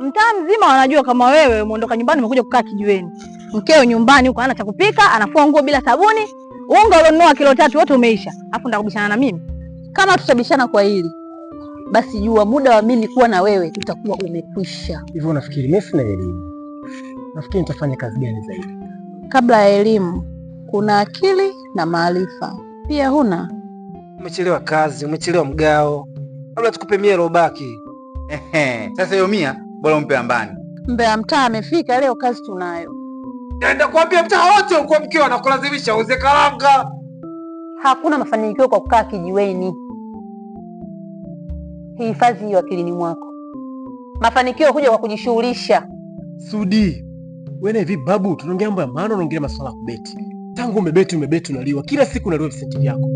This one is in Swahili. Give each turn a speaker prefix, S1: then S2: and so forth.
S1: Mtaa mzima wanajua kama wewe umeondoka nyumbani umekuja kukaa kijiweni, mkeo nyumbani huko ana cha kupika, anafua nguo bila sabuni, unga ulionunua kilo tatu wote umeisha, afu ndakubishana na mimi?
S2: Kama tutabishana kwa hili basi, jua muda wa mimi kuwa na wewe utakuwa umekwisha.
S3: Hivyo unafikiri mimi sina elimu? Nafikiri nitafanya kazi gani zaidi?
S2: Kabla ya elimu kuna akili na maarifa pia. Huna
S4: umechelewa kazi, umechelewa mgao. Labda tukupe mia robaki. Ehe, sasa hiyo mia Bora umpe ambani.
S2: Mbea mtaa amefika leo, kazi tunayo.
S4: Naenda kuambia mtaa wote uko mkiwa kulazimisha uze karanga.
S2: Hakuna mafanikio kwa kukaa kijiweni. Hifadhi hiyo akilini mwako, mafanikio huja kwa kujishughulisha.
S3: Sudi wene hivi babu, tunaongea mambo ya maana, unaongelea masuala ya kubeti. Tangu umebeti umebeti, unaliwa kila siku, unaliwa visenti vyako.